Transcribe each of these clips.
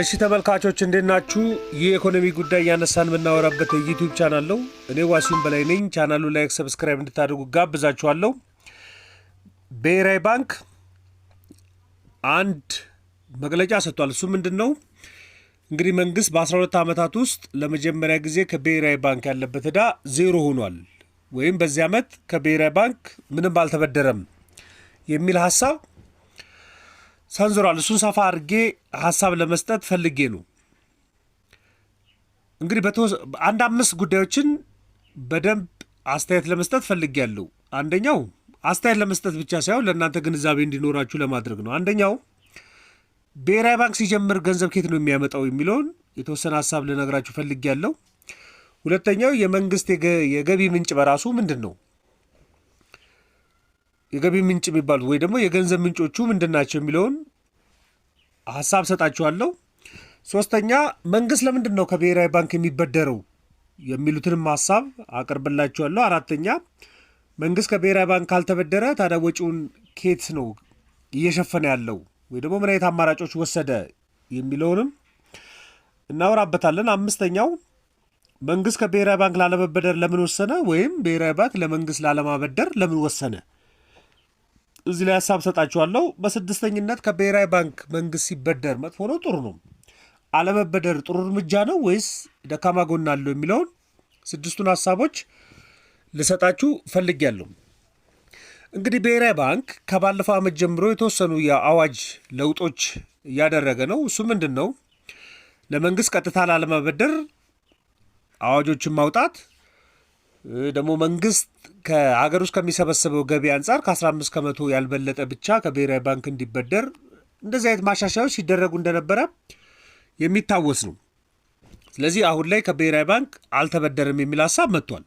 እሺ ተመልካቾች እንዴት ናችሁ? ይህ የኢኮኖሚ ጉዳይ እያነሳን የምናወራበት የዩቲዩብ ቻናል ነው። እኔ ዋሲሁን በላይ ነኝ። ቻናሉ ላይክ፣ ሰብስክራይብ እንድታደርጉ ጋብዛችኋለሁ። ብሔራዊ ባንክ አንድ መግለጫ ሰጥቷል። እሱ ምንድን ነው እንግዲህ መንግስት በ12 ዓመታት ውስጥ ለመጀመሪያ ጊዜ ከብሔራዊ ባንክ ያለበት ዕዳ ዜሮ ሆኗል፣ ወይም በዚህ ዓመት ከብሔራዊ ባንክ ምንም አልተበደረም የሚል ሀሳብ ሰንዝሯል። እሱን ሰፋ አድርጌ ሀሳብ ለመስጠት ፈልጌ ነው። እንግዲህ አንድ አምስት ጉዳዮችን በደንብ አስተያየት ለመስጠት ፈልጌ ያለው አንደኛው አስተያየት ለመስጠት ብቻ ሳይሆን ለእናንተ ግንዛቤ እንዲኖራችሁ ለማድረግ ነው። አንደኛው ብሔራዊ ባንክ ሲጀምር ገንዘብ ኬት ነው የሚያመጣው የሚለውን የተወሰነ ሀሳብ ልነግራችሁ ፈልጌ ያለው። ሁለተኛው የመንግስት የገቢ ምንጭ በራሱ ምንድን ነው? የገቢ ምንጭ የሚባሉት ወይ ደግሞ የገንዘብ ምንጮቹ ምንድን ናቸው የሚለውን ሀሳብ ሰጣችኋለሁ። ሶስተኛ መንግስት ለምንድን ነው ከብሔራዊ ባንክ የሚበደረው የሚሉትንም ሀሳብ አቅርብላችኋለሁ። አራተኛ መንግስት ከብሔራዊ ባንክ ካልተበደረ ታዲያ ወጪውን ኬት ነው እየሸፈነ ያለው ወይ ደግሞ ምን አይነት አማራጮች ወሰደ የሚለውንም እናወራበታለን። አምስተኛው መንግስት ከብሔራዊ ባንክ ላለመበደር ለምን ወሰነ? ወይም ብሔራዊ ባንክ ለመንግስት ላለማበደር ለምን ወሰነ? እዚህ ላይ ሀሳብ ሰጣችኋለሁ። በስድስተኝነት ከብሔራዊ ባንክ መንግስት ሲበደር መጥፎ ነው ጥሩ ነው፣ አለመበደር ጥሩ እርምጃ ነው ወይስ ደካማ ጎን አለው የሚለውን ስድስቱን ሀሳቦች ልሰጣችሁ ፈልጌያለሁ። እንግዲህ ብሔራዊ ባንክ ከባለፈው ዓመት ጀምሮ የተወሰኑ የአዋጅ ለውጦች እያደረገ ነው። እሱ ምንድን ነው? ለመንግስት ቀጥታ ላለመበደር አዋጆችን ማውጣት ደግሞ መንግስት ከሀገር ውስጥ ከሚሰበሰበው ገቢ አንጻር ከ15 ከመቶ ያልበለጠ ብቻ ከብሔራዊ ባንክ እንዲበደር እንደዚህ አይነት ማሻሻዮች ሲደረጉ እንደነበረ የሚታወስ ነው። ስለዚህ አሁን ላይ ከብሔራዊ ባንክ አልተበደርም የሚል ሀሳብ መጥቷል።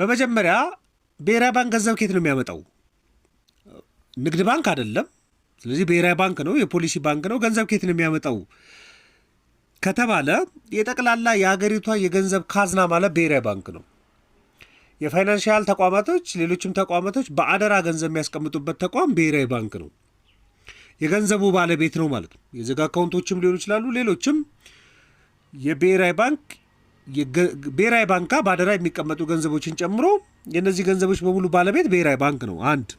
በመጀመሪያ ብሔራዊ ባንክ ገንዘብ ኬት ነው የሚያመጣው? ንግድ ባንክ አይደለም። ስለዚህ ብሔራዊ ባንክ ነው፣ የፖሊሲ ባንክ ነው። ገንዘብ ኬት ነው የሚያመጣው ከተባለ የጠቅላላ የሀገሪቷ የገንዘብ ካዝና ማለት ብሔራዊ ባንክ ነው። የፋይናንሽያል ተቋማቶች፣ ሌሎችም ተቋማቶች በአደራ ገንዘብ የሚያስቀምጡበት ተቋም ብሔራዊ ባንክ ነው። የገንዘቡ ባለቤት ነው ማለት ነው። የዜጋ አካውንቶችም ሊሆኑ ይችላሉ። ሌሎችም የብሔራዊ ባንክ ብሔራዊ ባንካ በአደራ የሚቀመጡ ገንዘቦችን ጨምሮ የእነዚህ ገንዘቦች በሙሉ ባለቤት ብሔራዊ ባንክ ነው። አንድ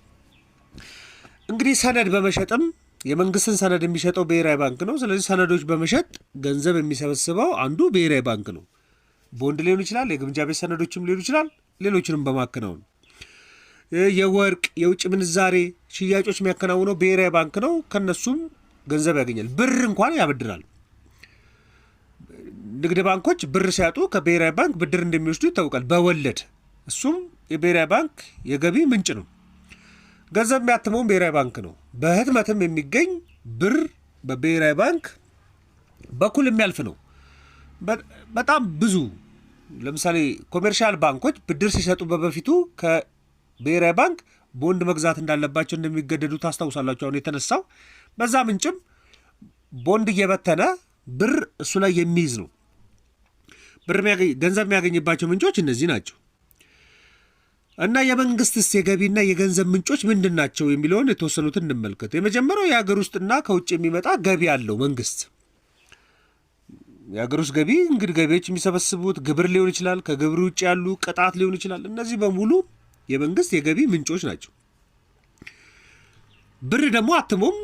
እንግዲህ ሰነድ በመሸጥም የመንግስትን ሰነድ የሚሸጠው ብሔራዊ ባንክ ነው። ስለዚህ ሰነዶች በመሸጥ ገንዘብ የሚሰበስበው አንዱ ብሔራዊ ባንክ ነው። ቦንድ ሊሆን ይችላል፣ የግምጃ ቤት ሰነዶችም ሊሆን ይችላል። ሌሎችንም በማከናወን የወርቅ የውጭ ምንዛሬ ሽያጮች የሚያከናውነው ብሔራዊ ባንክ ነው። ከነሱም ገንዘብ ያገኛል። ብር እንኳን ያበድራል። ንግድ ባንኮች ብር ሲያጡ ከብሔራዊ ባንክ ብድር እንደሚወስዱ ይታወቃል፣ በወለድ እሱም የብሔራዊ ባንክ የገቢ ምንጭ ነው። ገንዘብ የሚያትመውን ብሔራዊ ባንክ ነው። በህትመትም የሚገኝ ብር በብሔራዊ ባንክ በኩል የሚያልፍ ነው። በጣም ብዙ ለምሳሌ ኮሜርሻል ባንኮች ብድር ሲሰጡ በበፊቱ ከብሔራዊ ባንክ ቦንድ መግዛት እንዳለባቸው እንደሚገደዱ ታስታውሳላችሁ። አሁን የተነሳው በዛ ምንጭም ቦንድ እየበተነ ብር እሱ ላይ የሚይዝ ነው። ብር ገንዘብ የሚያገኝባቸው ምንጮች እነዚህ ናቸው። እና የመንግስትስ የገቢና የገንዘብ ምንጮች ምንድን ናቸው የሚለውን የተወሰኑትን እንመልከት። የመጀመሪያው የሀገር ውስጥና ከውጭ የሚመጣ ገቢ አለው መንግስት። የሀገር ውስጥ ገቢ እንግዲህ ገቢዎች የሚሰበስቡት ግብር ሊሆን ይችላል፣ ከግብር ውጭ ያሉ ቅጣት ሊሆን ይችላል። እነዚህ በሙሉ የመንግስት የገቢ ምንጮች ናቸው። ብር ደግሞ አትሞም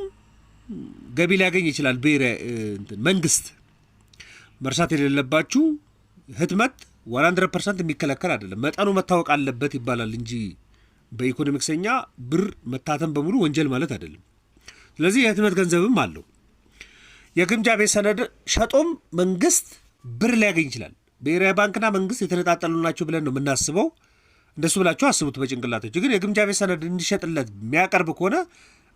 ገቢ ሊያገኝ ይችላል ብሔራዊ መንግስት። መርሳት የሌለባችሁ ህትመት 100 ፐርሰንት የሚከለከል አይደለም። መጠኑ መታወቅ አለበት ይባላል እንጂ በኢኮኖሚክሰኛ ብር መታተም በሙሉ ወንጀል ማለት አይደለም። ስለዚህ የህትመት ገንዘብም አለው። የግምጃ ቤት ሰነድ ሸጦም መንግስት ብር ሊያገኝ ይችላል። ብሔራዊ ባንክና መንግስት የተነጣጠሉ ናቸው ብለን ነው የምናስበው። እንደሱ ብላችሁ አስቡት በጭንቅላቶች። ግን የግምጃ ቤት ሰነድ እንዲሸጥለት የሚያቀርብ ከሆነ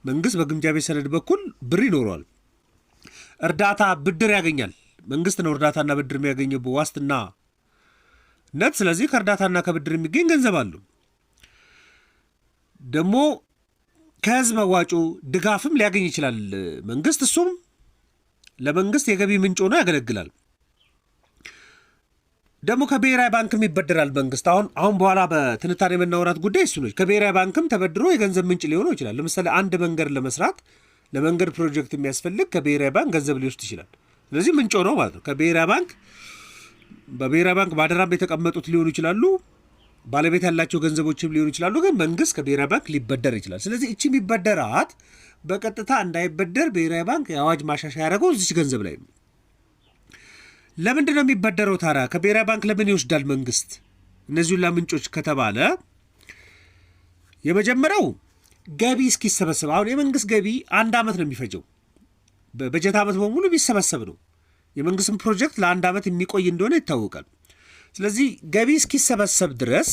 መንግስት በግምጃ ቤት ሰነድ በኩል ብር ይኖረዋል። እርዳታ ብድር ያገኛል። መንግስት ነው እርዳታና ብድር የሚያገኘው በዋስትና ነት ስለዚህ ከእርዳታና ከብድር የሚገኝ ገንዘብ አሉ። ደግሞ ከህዝብ መዋጮ ድጋፍም ሊያገኝ ይችላል መንግስት። እሱም ለመንግስት የገቢ ምንጭ ሆኖ ያገለግላል። ደግሞ ከብሔራዊ ባንክም ይበደራል መንግስት። አሁን አሁን በኋላ በትንታኔ የምናወራት ጉዳይ እሱ ነች። ከብሔራዊ ባንክም ተበድሮ የገንዘብ ምንጭ ሊሆነው ይችላል። ለምሳሌ አንድ መንገድ ለመስራት ለመንገድ ፕሮጀክት የሚያስፈልግ ከብሔራዊ ባንክ ገንዘብ ሊወስድ ይችላል። ስለዚህ ምንጭ ነው ማለት ነው። ከብሔራዊ ባንክ በብሔራዊ ባንክ በአደራም የተቀመጡት ሊሆኑ ይችላሉ። ባለቤት ያላቸው ገንዘቦችም ሊሆኑ ይችላሉ። ግን መንግስት ከብሔራዊ ባንክ ሊበደር ይችላል። ስለዚህ እቺ የሚበደራት በቀጥታ እንዳይበደር ብሔራዊ ባንክ የአዋጅ ማሻሻያ ያደረገው እዚች ገንዘብ ላይ ነው። ለምንድን ነው የሚበደረው ታዲያ? ከብሔራዊ ባንክ ለምን ይወስዳል መንግስት እነዚሁ ላምንጮች ከተባለ የመጀመሪያው ገቢ እስኪሰበሰብ አሁን የመንግስት ገቢ አንድ ዓመት ነው የሚፈጀው። በጀት ዓመት በሙሉ የሚሰበሰብ ነው። የመንግስትን ፕሮጀክት ለአንድ ዓመት የሚቆይ እንደሆነ ይታወቃል። ስለዚህ ገቢ እስኪሰበሰብ ድረስ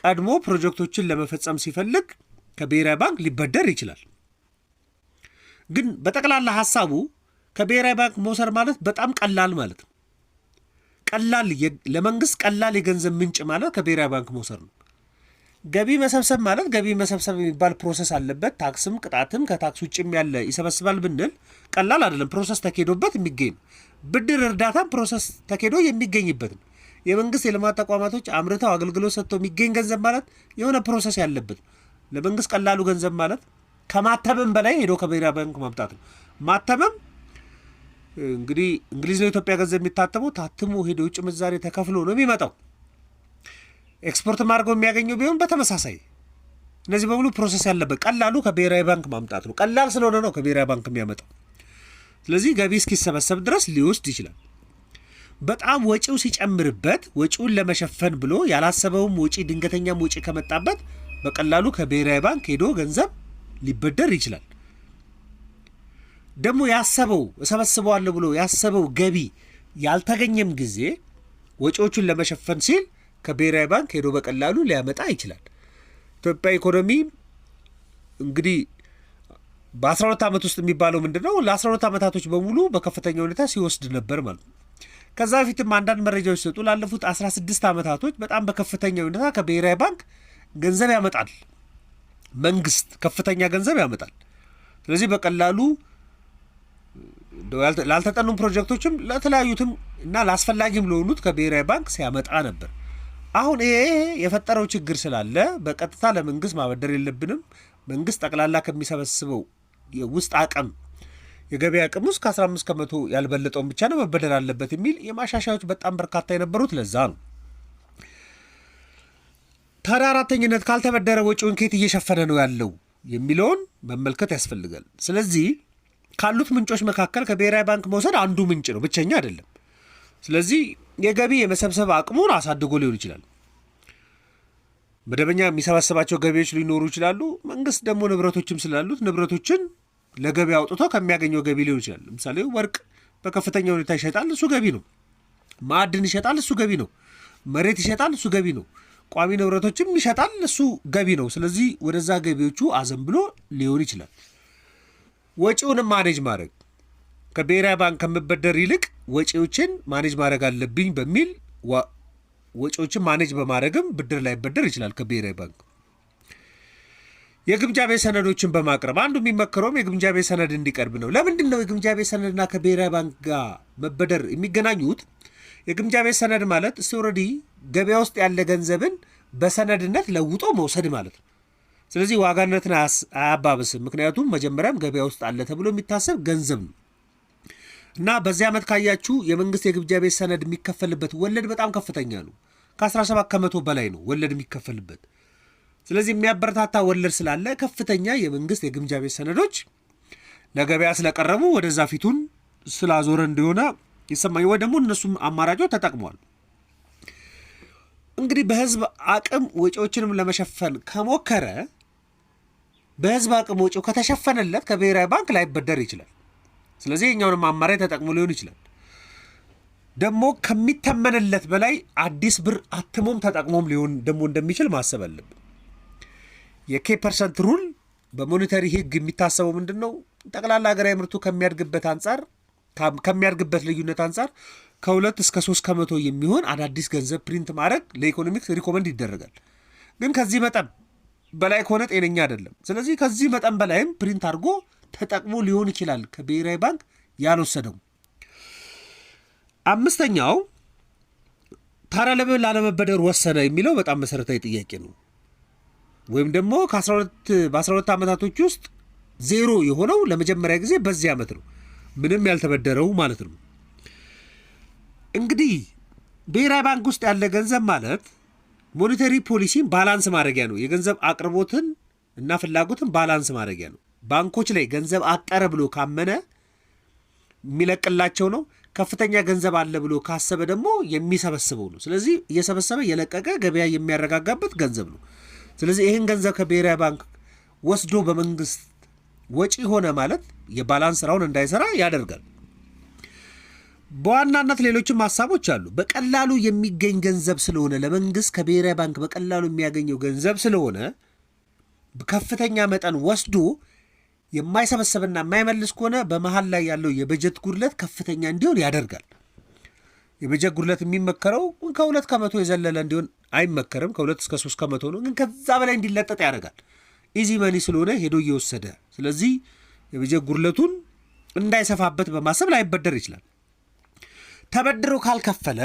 ቀድሞ ፕሮጀክቶችን ለመፈጸም ሲፈልግ ከብሔራዊ ባንክ ሊበደር ይችላል። ግን በጠቅላላ ሀሳቡ ከብሔራዊ ባንክ መውሰድ ማለት በጣም ቀላል ማለት ነው። ቀላል ለመንግስት ቀላል የገንዘብ ምንጭ ማለት ከብሔራዊ ባንክ መውሰድ ነው። ገቢ መሰብሰብ ማለት ገቢ መሰብሰብ የሚባል ፕሮሰስ አለበት። ታክስም ቅጣትም ከታክስ ውጭም ያለ ይሰበስባል ብንል ቀላል አይደለም። ፕሮሰስ ተካሄዶበት የሚገኝ ነው። ብድር እርዳታ ፕሮሰስ ተኬዶ የሚገኝበት ነው። የመንግስት የልማት ተቋማቶች አምርተው አገልግሎት ሰጥተው የሚገኝ ገንዘብ ማለት የሆነ ፕሮሰስ ያለበት ነው። ለመንግስት ቀላሉ ገንዘብ ማለት ከማተምም በላይ ሄዶ ከብሔራዊ ባንክ ማምጣት ነው። ማተምም እንግዲህ እንግሊዝ ነው ኢትዮጵያ ገንዘብ የሚታተመው ታትሞ ሄዶ ውጭ ምንዛሬ ተከፍሎ ነው የሚመጣው። ኤክስፖርት ማድርገው የሚያገኘው ቢሆን በተመሳሳይ እነዚህ በሙሉ ፕሮሰስ ያለበት ቀላሉ ከብሔራዊ ባንክ ማምጣት ነው። ቀላል ስለሆነ ነው ከብሔራዊ ባንክ የሚያመጣው። ስለዚህ ገቢ እስኪሰበሰብ ድረስ ሊወስድ ይችላል። በጣም ወጪው ሲጨምርበት ወጪውን ለመሸፈን ብሎ ያላሰበውም ወጪ ድንገተኛም ወጪ ከመጣበት በቀላሉ ከብሔራዊ ባንክ ሄዶ ገንዘብ ሊበደር ይችላል። ደግሞ ያሰበው እሰበስበዋለሁ ብሎ ያሰበው ገቢ ያልተገኘም ጊዜ ወጪዎቹን ለመሸፈን ሲል ከብሔራዊ ባንክ ሄዶ በቀላሉ ሊያመጣ ይችላል። ኢትዮጵያ ኢኮኖሚ እንግዲህ በ12 ዓመት ውስጥ የሚባለው ምንድን ነው? ለ12 ዓመታቶች በሙሉ በከፍተኛ ሁኔታ ሲወስድ ነበር ማለት ነው። ከዛ በፊትም አንዳንድ መረጃዎች ሲሰጡ ላለፉት 16 ዓመታቶች በጣም በከፍተኛ ሁኔታ ከብሔራዊ ባንክ ገንዘብ ያመጣል፣ መንግስት ከፍተኛ ገንዘብ ያመጣል። ስለዚህ በቀላሉ ላልተጠኑም ፕሮጀክቶችም ለተለያዩትም እና ለአስፈላጊም ለሆኑት ከብሔራዊ ባንክ ሲያመጣ ነበር። አሁን ይሄ የፈጠረው ችግር ስላለ በቀጥታ ለመንግስት ማበደር የለብንም። መንግስት ጠቅላላ ከሚሰበስበው የውስጥ አቅም የገበያ አቅም ውስጥ ከ15 ከመቶ ያልበለጠውን ብቻ ነው መበደር አለበት የሚል የማሻሻያዎች በጣም በርካታ የነበሩት ለዛ ነው። ታዲያ አራተኝነት ካልተበደረ ወጪውን ከየት እየሸፈነ ነው ያለው የሚለውን መመልከት ያስፈልጋል። ስለዚህ ካሉት ምንጮች መካከል ከብሔራዊ ባንክ መውሰድ አንዱ ምንጭ ነው፣ ብቸኛ አይደለም። ስለዚህ የገቢ የመሰብሰብ አቅሙን አሳድጎ ሊሆን ይችላል። መደበኛ የሚሰባሰባቸው ገቢዎች ሊኖሩ ይችላሉ። መንግስት ደግሞ ንብረቶችም ስላሉት ንብረቶችን ለገበያ አውጥቶ ከሚያገኘው ገቢ ሊሆን ይችላል። ለምሳሌ ወርቅ በከፍተኛ ሁኔታ ይሸጣል፣ እሱ ገቢ ነው። ማዕድን ይሸጣል፣ እሱ ገቢ ነው። መሬት ይሸጣል፣ እሱ ገቢ ነው። ቋሚ ንብረቶችም ይሸጣል፣ እሱ ገቢ ነው። ስለዚህ ወደዛ ገቢዎቹ አዘን ብሎ ሊሆን ይችላል። ወጪውንም ማኔጅ ማድረግ ከብሔራዊ ባንክ ከምበደር ይልቅ ወጪዎችን ማኔጅ ማድረግ አለብኝ በሚል ወጪዎችን ማኔጅ በማድረግም ብድር ላይበደር ይችላል ከብሔራዊ ባንክ የግምጃ ቤት ሰነዶችን በማቅረብ አንዱ የሚመክረውም የግምጃ ቤት ሰነድ እንዲቀርብ ነው። ለምንድን ነው የግምጃ ቤት ሰነድና ከብሔራዊ ባንክ ጋር መበደር የሚገናኙት? የግምጃ ቤት ሰነድ ማለት ስውረዲ ገበያ ውስጥ ያለ ገንዘብን በሰነድነት ለውጦ መውሰድ ማለት ነው። ስለዚህ ዋጋነትን አያባብስም። ምክንያቱም መጀመሪያም ገበያ ውስጥ አለ ተብሎ የሚታሰብ ገንዘብ ነው እና በዚህ ዓመት ካያችሁ የመንግስት የግምጃ ቤት ሰነድ የሚከፈልበት ወለድ በጣም ከፍተኛ ነው። ከ17 ከመቶ በላይ ነው ወለድ የሚከፈልበት ስለዚህ የሚያበረታታ ወለድ ስላለ ከፍተኛ የመንግስት የግምጃ ቤት ሰነዶች ለገበያ ስለቀረቡ ወደዛ ፊቱን ስላዞረ እንደሆነ ይሰማኝ ወይ ደግሞ እነሱም አማራጮች ተጠቅመዋል። እንግዲህ በህዝብ አቅም ወጪዎችንም ለመሸፈን ከሞከረ በህዝብ አቅም ወጪው ከተሸፈነለት ከብሔራዊ ባንክ ላይበደር ይችላል። ስለዚህ የኛውንም አማራጭ ተጠቅሞ ሊሆን ይችላል። ደግሞ ከሚተመንለት በላይ አዲስ ብር አትሞም ተጠቅሞም ሊሆን ደግሞ እንደሚችል ማሰብ አለብን። የኬ ፐርሰንት ሩል በሞኔተሪ ህግ የሚታሰበው ምንድን ነው? ጠቅላላ ሀገራዊ ምርቱ ከሚያድግበት አንጻር ከሚያድግበት ልዩነት አንጻር ከሁለት እስከ ሶስት ከመቶ የሚሆን አዳዲስ ገንዘብ ፕሪንት ማድረግ ለኢኮኖሚክስ ሪኮመንድ ይደረጋል። ግን ከዚህ መጠን በላይ ከሆነ ጤነኛ አይደለም። ስለዚህ ከዚህ መጠን በላይም ፕሪንት አድርጎ ተጠቅሞ ሊሆን ይችላል ከብሔራዊ ባንክ ያልወሰደው። አምስተኛው ታራ ለምን ወሰነ የሚለው በጣም መሰረታዊ ጥያቄ ነው። ወይም ደግሞ በ12 ዓመታቶች ውስጥ ዜሮ የሆነው ለመጀመሪያ ጊዜ በዚህ ዓመት ነው። ምንም ያልተበደረው ማለት ነው። እንግዲህ ብሔራዊ ባንክ ውስጥ ያለ ገንዘብ ማለት ሞኔተሪ ፖሊሲን ባላንስ ማድረጊያ ነው። የገንዘብ አቅርቦትን እና ፍላጎትን ባላንስ ማድረጊያ ነው። ባንኮች ላይ ገንዘብ አጠረ ብሎ ካመነ የሚለቅላቸው ነው። ከፍተኛ ገንዘብ አለ ብሎ ካሰበ ደግሞ የሚሰበስበው ነው። ስለዚህ እየሰበሰበ የለቀቀ ገበያ የሚያረጋጋበት ገንዘብ ነው። ስለዚህ ይህን ገንዘብ ከብሔራዊ ባንክ ወስዶ በመንግስት ወጪ ሆነ ማለት የባላንስ ስራውን እንዳይሰራ ያደርጋል። በዋናነት ሌሎችም ሀሳቦች አሉ። በቀላሉ የሚገኝ ገንዘብ ስለሆነ ለመንግስት ከብሔራዊ ባንክ በቀላሉ የሚያገኘው ገንዘብ ስለሆነ ከፍተኛ መጠን ወስዶ የማይሰበሰብና የማይመልስ ከሆነ በመሀል ላይ ያለው የበጀት ጉድለት ከፍተኛ እንዲሆን ያደርጋል። የበጀ ጉድለት የሚመከረው ከሁለት ከመቶ የዘለለ እንዲሆን አይመከርም። ከሁለት እስከ ሶስት ከመቶ ነው፣ ግን ከዛ በላይ እንዲለጠጥ ያደርጋል። ኢዚ መኒ ስለሆነ ሄዶ እየወሰደ ስለዚህ የበጀ ጉድለቱን እንዳይሰፋበት በማሰብ ላይበደር ይችላል። ተበድሮ ካልከፈለ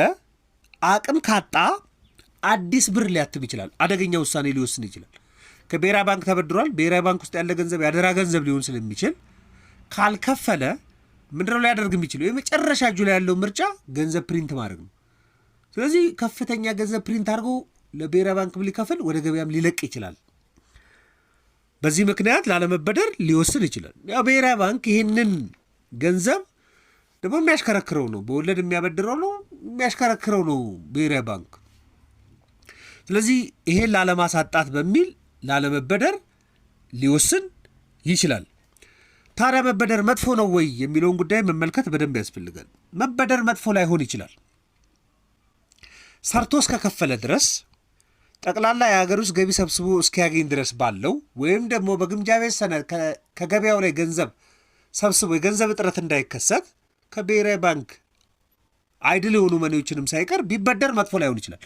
አቅም ካጣ አዲስ ብር ሊያትም ይችላል። አደገኛ ውሳኔ ሊወስን ይችላል። ከብሔራዊ ባንክ ተበድሯል። ብሔራዊ ባንክ ውስጥ ያለ ገንዘብ ያደራ ገንዘብ ሊሆን ስለሚችል ካልከፈለ ምንድነው ያደርግ የሚችለው የመጨረሻ እጁ ላይ ያለው ምርጫ ገንዘብ ፕሪንት ማድረግ ነው። ስለዚህ ከፍተኛ ገንዘብ ፕሪንት አድርጎ ለብሔራዊ ባንክ ሊከፍል ወደ ገበያም ሊለቅ ይችላል። በዚህ ምክንያት ላለመበደር ሊወስን ይችላል። ያው ብሔራዊ ባንክ ይህንን ገንዘብ ደግሞ የሚያሽከረክረው ነው፣ በወለድ የሚያበድረው ነው፣ የሚያሽከረክረው ነው ብሔራዊ ባንክ። ስለዚህ ይሄን ላለማሳጣት በሚል ላለመበደር ሊወስን ይችላል። ታዲያ መበደር መጥፎ ነው ወይ የሚለውን ጉዳይ መመልከት በደንብ ያስፈልጋል። መበደር መጥፎ ላይሆን ይችላል። ሰርቶ እስከከፈለ ድረስ ጠቅላላ የሀገር ውስጥ ገቢ ሰብስቦ እስኪያገኝ ድረስ ባለው ወይም ደግሞ በግምጃ ቤት ሰነድ ከገበያው ላይ ገንዘብ ሰብስቦ የገንዘብ እጥረት እንዳይከሰት ከብሔራዊ ባንክ አይድል የሆኑ መኔዎችንም ሳይቀር ቢበደር መጥፎ ላይሆን ይችላል።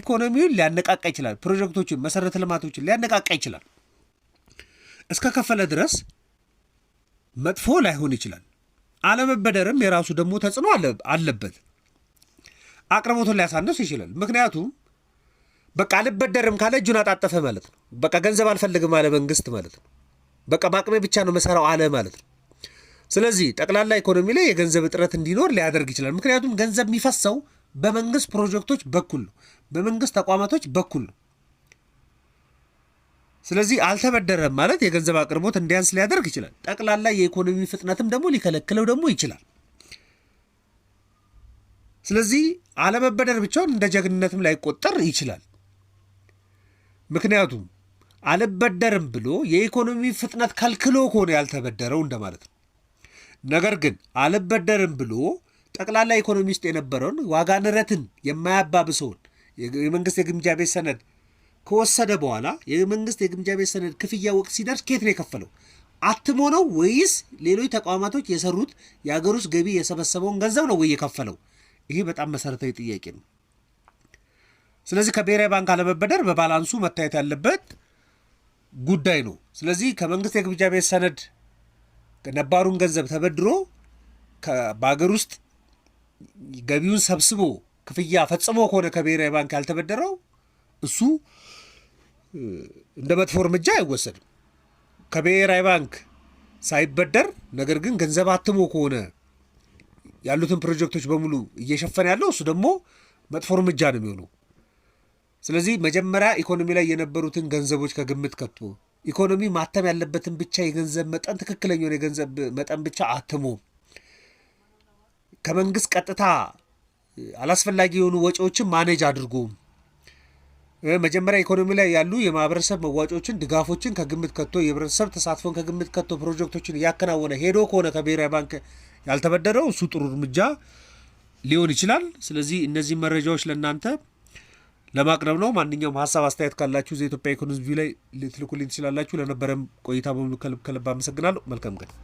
ኢኮኖሚውን ሊያነቃቃ ይችላል። ፕሮጀክቶችን፣ መሰረተ ልማቶችን ሊያነቃቃ ይችላል። እስከ ከፈለ ድረስ መጥፎ ላይሆን ይችላል። አለመበደርም የራሱ ደግሞ ተጽዕኖ አለበት። አቅርቦቱን ሊያሳንስ ይችላል። ምክንያቱም በቃ አልበደርም ካለ እጁን አጣጠፈ ማለት ነው። በቃ ገንዘብ አልፈልግም አለ መንግስት ማለት ነው። በቃ በአቅሜ ብቻ ነው መሰራው አለ ማለት ነው። ስለዚህ ጠቅላላ ኢኮኖሚ ላይ የገንዘብ እጥረት እንዲኖር ሊያደርግ ይችላል። ምክንያቱም ገንዘብ የሚፈሰው በመንግስት ፕሮጀክቶች በኩል ነው፣ በመንግስት ተቋማቶች በኩል ነው። ስለዚህ አልተበደረም ማለት የገንዘብ አቅርቦት እንዲያንስ ሊያደርግ ይችላል። ጠቅላላ የኢኮኖሚ ፍጥነትም ደግሞ ሊከለክለው ደግሞ ይችላል። ስለዚህ አለመበደር ብቻውን እንደ ጀግንነትም ላይቆጠር ይችላል። ምክንያቱም አልበደርም ብሎ የኢኮኖሚ ፍጥነት ከልክሎ ከሆነ ያልተበደረው እንደማለት ነው። ነገር ግን አልበደርም ብሎ ጠቅላላ ኢኮኖሚ ውስጥ የነበረውን ዋጋ ንረትን የማያባብሰውን የመንግስት የግምጃ ቤት ሰነድ ከወሰደ በኋላ የመንግስት የግምጃ ቤት ሰነድ ክፍያ ወቅት ሲደርስ ከየት ነው የከፈለው? አትሞ ነው ወይስ ሌሎች ተቋማቶች የሰሩት የሀገር ውስጥ ገቢ የሰበሰበውን ገንዘብ ነው ወይ የከፈለው? ይሄ በጣም መሰረታዊ ጥያቄ ነው። ስለዚህ ከብሔራዊ ባንክ አለመበደር በባላንሱ መታየት ያለበት ጉዳይ ነው። ስለዚህ ከመንግስት የግምጃ ቤት ሰነድ ነባሩን ገንዘብ ተበድሮ በሀገር ውስጥ ገቢውን ሰብስቦ ክፍያ ፈጽሞ ከሆነ ከብሔራዊ ባንክ ያልተበደረው እሱ እንደ መጥፎ እርምጃ አይወሰድም። ከብሔራዊ ባንክ ሳይበደር ነገር ግን ገንዘብ አትሞ ከሆነ ያሉትን ፕሮጀክቶች በሙሉ እየሸፈነ ያለው እሱ ደግሞ መጥፎ እርምጃ ነው የሚሆነው። ስለዚህ መጀመሪያ ኢኮኖሚ ላይ የነበሩትን ገንዘቦች ከግምት ከቶ ኢኮኖሚ ማተም ያለበትን ብቻ የገንዘብ መጠን ትክክለኛውን የገንዘብ መጠን ብቻ አትሞ ከመንግስት ቀጥታ አላስፈላጊ የሆኑ ወጪዎችን ማኔጅ አድርጎም መጀመሪያ ኢኮኖሚ ላይ ያሉ የማህበረሰብ መዋጮችን፣ ድጋፎችን ከግምት ከቶ የህብረተሰብ ተሳትፎን ከግምት ከቶ ፕሮጀክቶችን እያከናወነ ሄዶ ከሆነ ከብሔራዊ ባንክ ያልተበደረው እሱ ጥሩ እርምጃ ሊሆን ይችላል። ስለዚህ እነዚህ መረጃዎች ለእናንተ ለማቅረብ ነው። ማንኛውም ሀሳብ አስተያየት ካላችሁ ዘኢትዮጵያ ኢኮኖሚ ላይ ልትልኩልኝ ትችላላችሁ። ለነበረም ቆይታ በሙሉ ከልብ ከልብ አመሰግናለሁ። መልካም ቀን